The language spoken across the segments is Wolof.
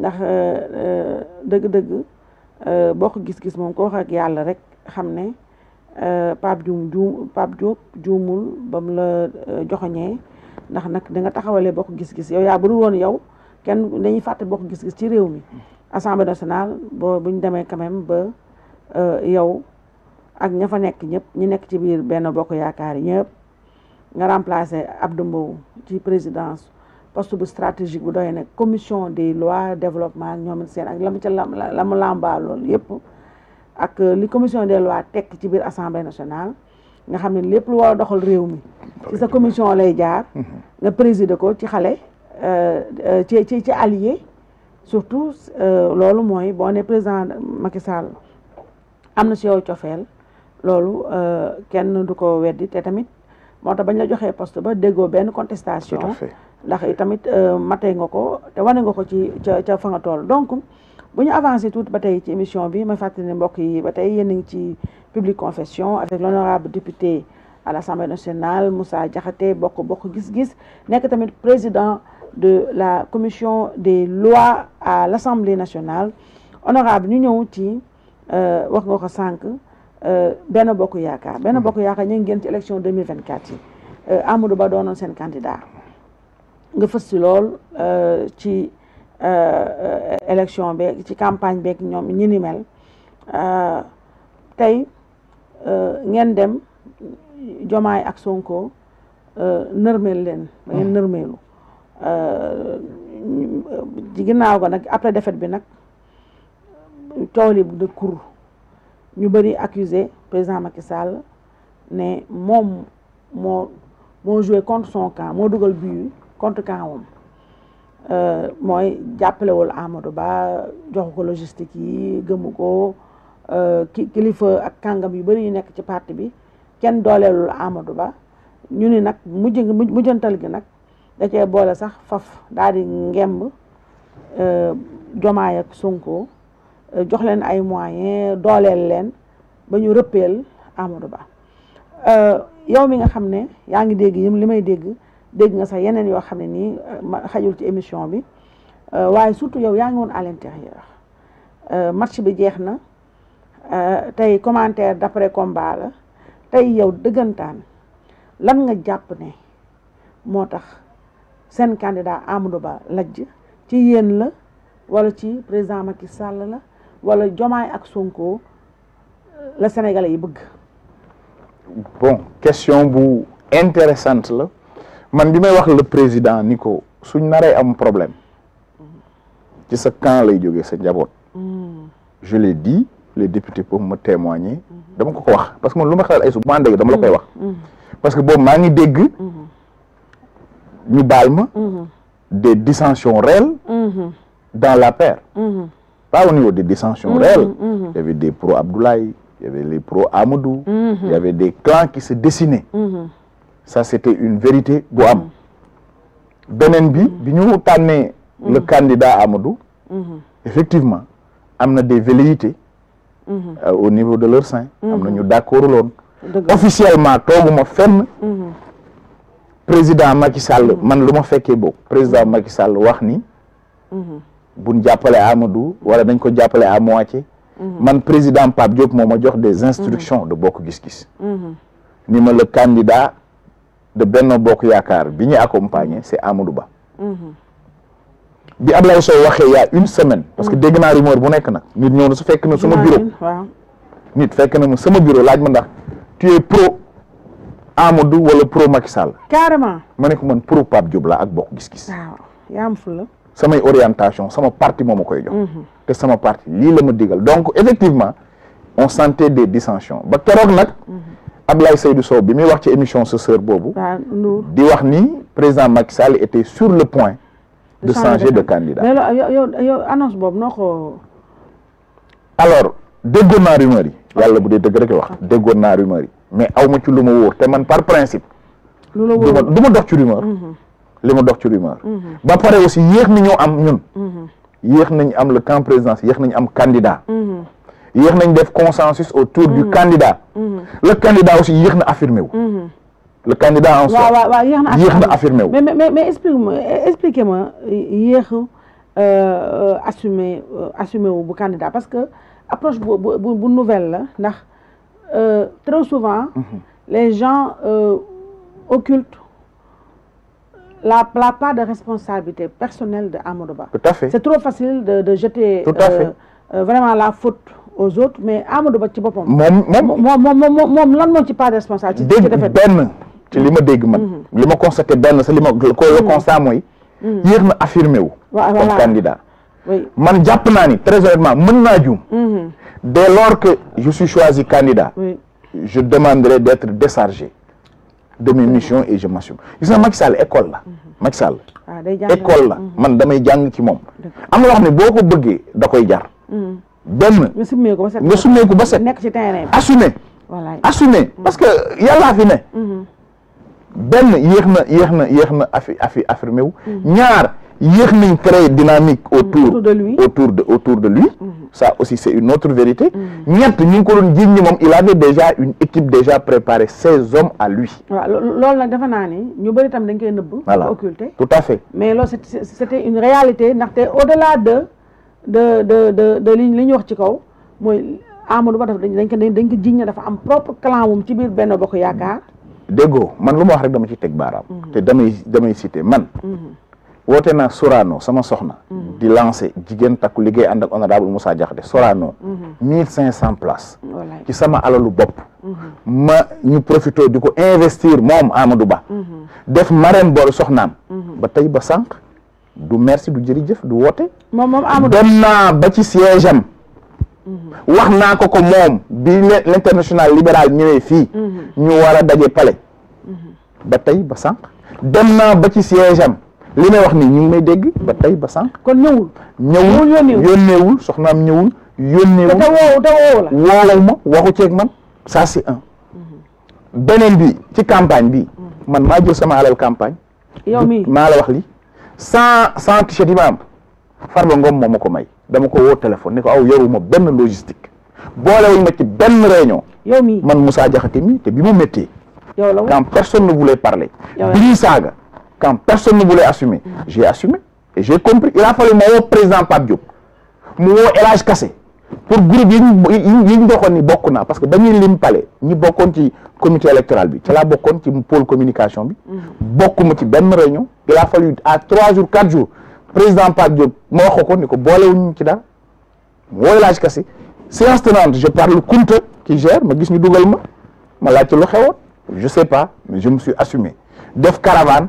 ndax euh, euh, dëgg-dëgg euh, bokk gis-gis moom ko wax yàlla rek xam ne Pape Dioum juum Pape Diop juumul ba mu la joxoñee ndax nag da nga taxawalee bokk gis-gis yow yaa bu dul woon yow kenn dañuy fàtte bokk gis-gis ci réew mi assemblée nationale boo bu ñu demee quand même ba yow ak ña fa nekk ñëpp ñi nekk ci biir benn bokk yaakaar yi ñëpp nga remplacer Abdou Mbow ci présidence poste bu stratégique bu doy nag commission des lois développement ñoom seen ak la mu ca la mu loolu yëpp ak euh, li commission des lois tekk ci biir assemblée nationale nga xam ne lépp lu war a doxal réew mi ci sa commission lay jaar mhm. nga présider ko ci xale euh, euh, ci ci ci allié surtout loolu mooy boo ne président Macky am na si yow cofeel loolu kenn du ko weddi te tamit moto bañ la joxé poste ba déggoo benn contestation ndax tamit euh, matee nga ko té wané nga ko ci ca fa nga tool donc buñu avancer tout batay ci émission bi ma fàttali mbok yi batay tey ngi ci public confession avec l'honorable député à l'Assemblée nationale Moussa Diakhaté bokk bokk gis-gis nek tamit président de la commission des lois à l'Assemblée nationale honorable ñu ñëw ci euh, wax nga ko sànq Euh, benn bokk yaakaar benn bokk yaakaar ñu ngi génn ci élection 2024 yi euh, Amadou Ba doonoon seen candidat nga fës si lool euh, ci élection beeg ci campagne beeg ñoom ñi ni mel tey ngeen dem Jomaay ak Sonko nërmeel leen ba ngeen mm. nërmeelu ci ginnaaw ko nag après défaite bi nag coow li de ñu bëri accusé président Macky Sall ne moom moo moo joué contre son camp moo dugal but contre camp moom euh, mooy jàppalewul Amadou Ba joxu ko logistique yi gëmu ko euh, ki kilifa ak kàngam yu bëri yu nekk ci parti bi kenn dooleelul Amadou Ba ñu ni nag mujj mujjantal gi nag da cee boole sax faf daal di ngemb Jomaay euh, ak Sonko jox leen ay moyens dooleel leen ba ñu rëppeel Amadou Ba euh, yow mi nga xam ne yaa ngi dégg yëm li may dégg dégg nga sax yeneen yoo xam ne nii euh, xajul ci émission bi euh, waaye surtout yow yaa ngi woon à l'intérieur match bi jeex na tey commentaire d'après combat la tey yow dëggantaan lan nga jàpp ne moo tax seen candidat Amadou Ba lajj ci yéen la wala ci président Macky sàll la wala Diomaye ak Sonko le Sénégalais yi bëgg. bon question bu intéressante la man bi may wax le président nico ko suñ naree am problème ci sa camp lay jógee sa njaboot. Mm. je l'ai dit les députés peuvent me témoigner. dama ko ko wax parce que man lu ma ay su ma dama la koy wax. Mm. parce que boobu maa ngi dégg. Mm. ñu balma des dissensions réelles. dans la paire pas au niveau des dissensions mhm, réelles. Mhm. Il y avait des pro-Abdoulaye, il y avait les pro-Amadou, mhm. il y avait des clans qui se dessinaient. Ça, c'était une vérité. Boam. Benenbi, bi bi le candidat Amadou effectivement y a des velléités euh, au niveau de leur sein am nous d'accord officiellement quand fenn président Macky Sall man luma fait, président Macky Sall wax buñ jappalé Amadou wala dañ ko jappalé à moitié mhm. man président pap Diop moo jox des mhm. instructions de bokk gis-gis mhm. ni ma le candidat de Benno Bokk yakar bi ñu accompagné c'est Amadou Ba bi Ablaye Sow waxee y'a une semaine parce que dégg na rumeur bu nek nak nit ñoo su fekk na suma bureau nit fekk na ma sama bureau laaj ma ndax tu es pro Amadou wala pro Macky Sall carrément mané ko man pro pap Diop la ak bokk gis-gis waaw ya am fu la sama orientation sama parti moo ma koy jox mhm. te sama parti li la ma digal donc effectivement on sentait des dissensions ba keroog nak mhm. Ablaye Seydou Sow bi mi wax ci émission ce soir bobu di wax ni président Macky était sur le point de changer de candidat yo annonce bobu noko alors déggoon rumeur yi yalla bu deug rek wax déggoon naa rumeur yi mais awma ci luma woor te man par principe du ma dox ci rumeur mhm le mot dox ci rumeur. Mhm. ba aussi hier nous ñoo am ñun. Mhm. am le camp présidence nañ candidat. Mhm. yéex nañ def consensus autour du candidat. le candidat aussi yéex na affirmé le candidat en soi yéex a affirmé mais mais moi expliquez-moi hier euh, euh, a assumé euh, assumé candidat parce que approche bu nouvelle très souvent. les gens occultent la, la, part de responsabilité personnelle de Amadouba. Tout à fait. C'est trop facile de, de jeter euh, euh, vraiment la faute aux autres, mais Amadouba, tu peux pas. Moi, mom, mom, mom, pas responsable. tu pas de responsabilité. Ben, tu l'as dit, je l'ai constaté, ben, c'est le mm-hmm. constat, moi. Hier, m'a affirmé comme candidat. Oui. Man, Japonani, très honnêtement, mon nadjoum. Mm-hmm. Dès lors que je suis choisi candidat, je demanderai d'être déchargé de mes missions et je m'assume ils ont école mhm. ah, école mhm. man damay suis ci Je suis assumé assumé parce que y'a la ne Ben, yéex na yéex Je suis affi affi affirmé il y a dynamique mm-hmm. autour de lui autour de lui mm-hmm. ça aussi c'est une autre vérité mm-hmm. il avait déjà une équipe déjà préparée ses hommes à lui tout à fait mais c'était une réalité au-delà de de de de propre clan woote naa Sorano sama soxna. Mm-hmm. di lancé jigéen takku liggéey ànd ak honorable Moussa Diakhaté Sorano. 1500 mm-hmm. ci sama alalu bopp. Mm-hmm. ma ñu profité di ko investir moom Amadou Ba. def marraine bool soxnaam. ba tey ba sànq du merci du jërëjëf du woote. dem naa ba ci siège am. wax naa ko ko moom bi l' international libéral fii. ñu war a daje pale. ba tey ba sànq dem naa ba ci siège am. li may wax ni ñu may dégg ba tay ba sank kon ñewul ñëwul yónneewul soxnaam ñewul yónneewul te woowu te woowu la. woowal ma waxu ak man ça c'est un. Mhm. benen bi ci campagne bi. Mhm. man ma jël sama alal campagne. yow mi maa la wax li sans sans t-shirt yi Farba Ngom moo ma may dama ko wo téléphone ne ko aw yoruma ben logistique. boolewuñ ma ci ben réunion. yow mi man Moussa Diakhaté mi te bi mu méttee. yow personne ne voulait parler. yow bi ñuy quand personne ne voulait assumer, j'ai assumé. Et j'ai compris. Il a fallu que président Pabdio, mon élage cassé. Pour le groupe, il y a parce que quand il palais, ni beaucoup de comité électoral, bi, y a beaucoup de pôle communication, bi, beaucoup de ben réunion. Il a fallu à 3 jours, 4 jours, président Pabdio, moi, je ko bolé wuñ ci dal. Mo élage cassé. C'est je parle compte qui gère, ma gis ñu dougal ma, ma lu Je sais pas, mais je me suis assumé. Deux caravane,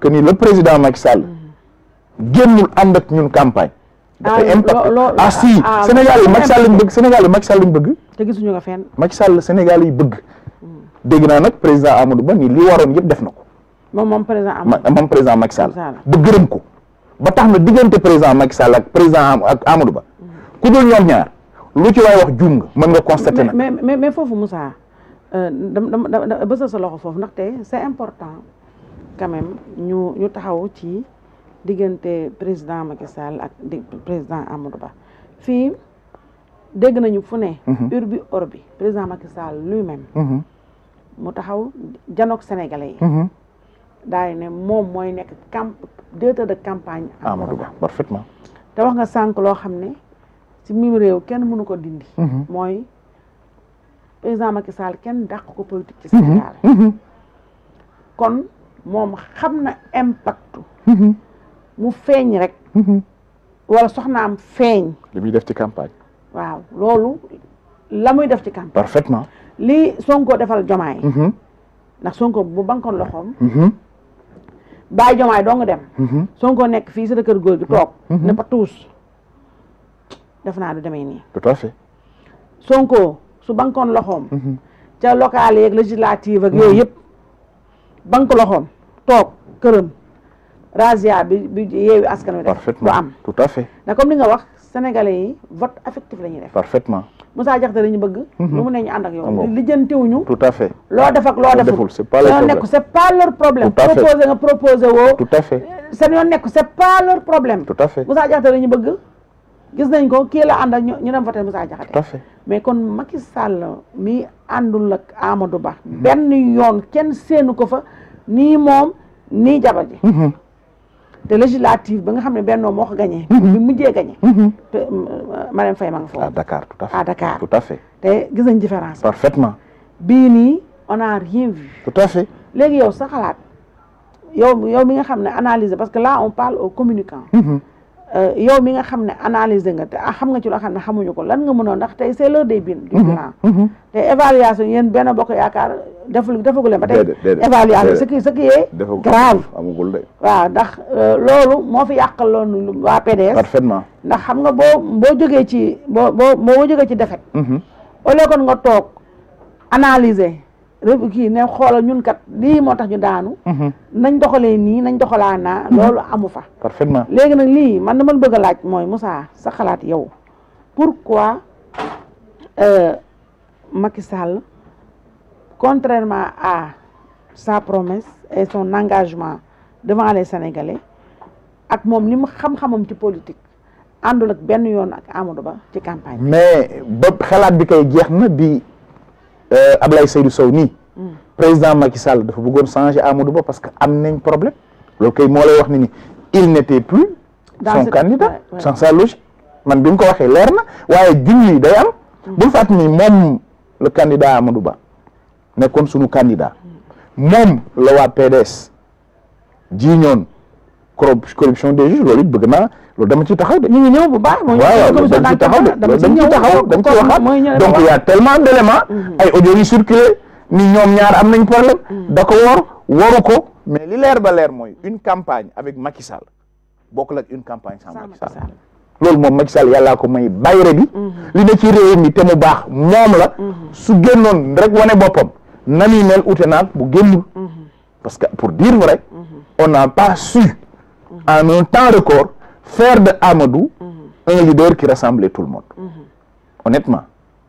que ni le président Macky Sall génnul ànd ak ñun campagne. Ah dafay impact ah si ah, Sénégal yi Macky Sall lañ bëgg Sénégal yi Macky Sall lañ bëgg. te gisuñu ko fenn. Macky Sall Sénégal yi bëgg. Mm. dégg naa nag président Amadou Ba ni li waroon yëpp def na ko. moom moom président Amadou moom président ko ba tax na diggante président Macky Sall ak président ak Amadou Ba. Mm. ku dul ñoom ñaar lu ci waay wax juum nga mën nga constaté nag. mais mais mais foofu Moussa dama euh, dama bësal sa foofu ndaxte c'est important. quand même ñu ñu taxaw ci diggante président Macky Sall ak président Amadou Ba fii dégg nañu fu ne. Mhm. urbi orbi président Macky Sall lui-même. Mhm. mu taxaw janook sénégalais yi. Mhm. daay ne moom mooy nekk camp directeur de campagne. Amadou parfaitement. te wax nga sànq loo xam ne ci mim réew kenn mënu ko dindi. mooy président Macky Sall kenn dàq ko politique ci Sénégal. kon. moom xam na impact. Mhm. mu feeñ rek. Mhm. wala soxnaam feeñ. li muy def ci campagne. waaw loolu la muy def ci campagne. parfaitement. li Sonko defal Jomaay. Mhm. ndax Sonko bu bankoon loxoom. bàyyi Jomaay doo nga dem. Sonko nekk fii sa kër góor gi toog. ne pa tuus def naa du demee nii. tout à fait. Sonko su bankoon loxoom. ca locale yeeg législative ak yooyu yëpp. banque loxoom toog këram razzia bi bi yeewi askan wi def du am tout à fait na comme li nga wax sénégalais yi vote affectif la ñuy def parfaitement Moussa Diakhaté ñu bëgg mhm. lu mu ne ñu ànd ak yow lijjantewuñu tout à fait loo def loo deful c'est pas leur problème c'est nga proposé woo tout à fait nekk c'est pas leur problème tout à fait Moussa bëgg gis nañ ko kii la ànd ak ñu dem voté Moussa Diakhaté mais kon Macky Sall mi àndul ak Amadou Ba benn yoon kenn séenu ko fa nii moom nii jabar ji mhm. te législative ba nga xam ne bennoo moo ko gagné mhm. bi mujjee gagné mhm. te euh, Marème Faye ma nga foofu à Dakar tout à fait à Dakar tout à fait te gis nañ différence parfaitement bii nii on a rien vu tout à fait léegi yow sa xalaat yow yow mi nga xam ne analyse parce que là on parle au communicant. aux communicants Euh, yow mi nga xam ne analyser nga a ah, xam nga ci loo xam ne xamuñu ko lan nga mënoon ndax tey c'est l'heure des bin du mm-hmm, mm-hmm. te évaluation yéen benn bokk yaakaar deful defagu leen ba tey évaluation ce qui ce qui est grave amagul de waaw ndax euh, loolu moo fi yàqal loolu waa PDS ndax xam nga boo boo jógee ci boo boo boo jógee ci defet mm-hmm. au lieu kon nga toog analyser rëbb ne xoolal ñun kat li motax ñu daanu. Mhm. nañ doxale ni nañ doxalaa naa mhm. loolu amu fa. parfaitement légui nak li man dama bëgg laaj moy Moussa sa xalaat yow pourquoi euh Macky Sall contrairement à sa promesse et son engagement devant les Sénégalais ak mom limu xam-xamam ci politique andul ak ben yoon ak Amadou Ba ci campagne mais ba xalaat bi kay jeex na bi. Eh, Ablaye Seydou Sow nii hmm. président Macky Sall dafa bëggoon changer Amadou Ba parce que am nañ problème lo kay mo lay wax ni ni il n'était plus son candidat sans sa logique man bimu ko waxé lérna na waaye yi day am hmm. bul fàtt ni mom le candidat Amadou Ba nekkon suñu candidat mom hmm. la wa PDS ji ñoon corruption des juges loolu it bëgg naa loolu dama ci taxaw de. ñu ngi bu baax. waaw dama ciy taxaw de dama ciy taxaw dama ciy waxaat donc il y' a tellement d'éléments mm-hmm. ay audio yi circulé ni ñom ñaar am nañ problème. Mm-hmm. da ko wor woruko mais li leer ba leer moy une campagne avec Macky Sall bokkul ak une campagne sans Macky Sall. loolu mom Macky Sall yalla ko may bayre bi. Mm-hmm. li ne ci réew mi té mu baax mom la. su génnoon rek woné bopam nani mel outé naag bu génnul. parce que pour dire vrai. on n'a pas su. Mhm. en un temps record, faire de Amadou mhm. un leader qui rassemblait tout le monde. Mhm. Honnêtement.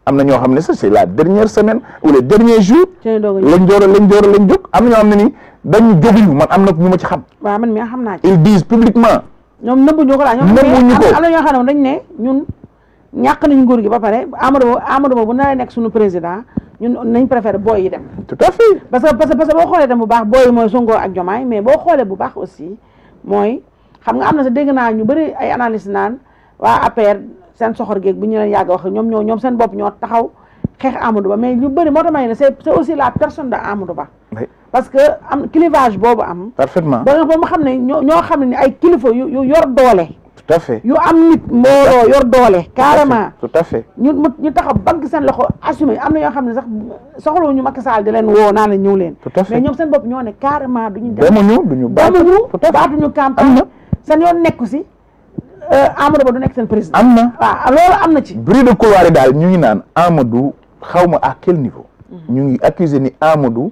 am na ñoo xam ne sax c'est la dernière semaine ou le dernier jour. lañ door lañ door lañ jóg am na ñoo xam ne ni dañu jóguñu man am na ñu ma ci xam. waaw man mii xam naa ci. ils disent publiquement. ñoom nëbbuñu ko daal ñoom. nëbbuñu ko am na ñoo xam ne dañ ne ñun ñàkk nañ nguur gi ba pare Amadou Amadou Ba bu naree nekk suñu président ñun nañ préféré booy yi dem. tout à fait parce que parce que boo xoolee dem bu baax booy yi mooy Sonko ak Diomaye mais boo xoolee bu baax aussi. mooy xam nga am na sa dégg naa ñu bëri ay analyse naan waa APR seen soxor géeg bu ñu leen yàgg wax ñoom ñoo ñoom seen bopp ñoo taxaw xeex Amadou Ba mais ñu bëri moo tax ma ne c'est aussi la personne de Amadou Ba parce que am clivage boobu am parfaitement ba nga mu xam ne ñoo ñoo xam ne ay kilifa yu yu yor doole tout à fait yu am nit yor doole carrément tout à fait ñu ñu taxaw banque seen loxo assumé am na ñoo xam ne sax soxlawu ñu Macky Sall leen woo naa ne ñëw leen tout à fait mais ñoom seen bopp ñoo ne carrément duñu demuñu duñu demuñu baatuñu campagne seen yoon nekku si euh, Amadou Ba du nekk seen président am na waaw loolu am na ci bruit de couloir daal ñu ngi naan Amadou xaw ma à quel niveau mhm. ñu ngi accusé ni Amadou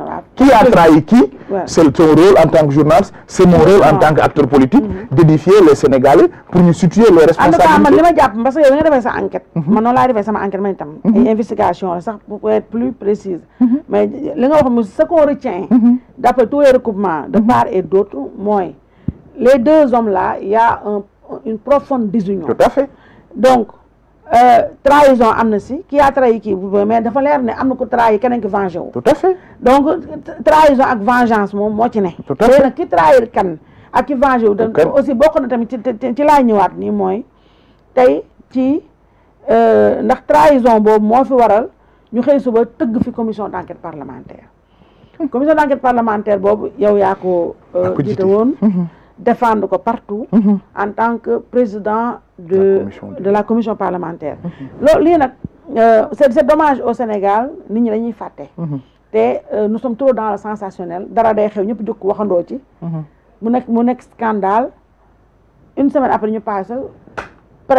Qui a trahi qui C'est ton rôle en tant que journaliste, c'est mon rôle en tant qu'acteur politique mhm. d'édifier les Sénégalais pour nous situer les responsabilités. en tout cas man parce que yow suis defee sa enquête. Mhm. man noonu enquête mhm. investigation ça pour être plus précise. mais ce qu'on retient. d'après tous les recoupements de part et d'autre, moi, les deux hommes là il y a une profonde désunion. tout à fait donc. Euh, trahison am na si kii a trahi kii mais dafa leer ne am na ko trahi keneen ki vengé wu. tout à fait donc trahison ak vengeance moom moo ci ne. tout à fait nag ki trahir kan ak ki vengé wu. aussi bokk na tamit ci ci laa ñëwaat nii mooy tey ci euh, ndax trahison boobu moo fi waral ñu xëy ba tëgg fi commission d' enquête parlementaire hmm. commission d' enquête parlementaire boobu yow yaa ko euh, jiite woon. Hmm. défendre partout mhm. en tant que président de de la commission parlementaire mhm. euh, c'est c'est dommage au Sénégal mhm. euh, nous sommes trop dans le sensationnel D'ailleurs, day xew a scandale une semaine après ñu passé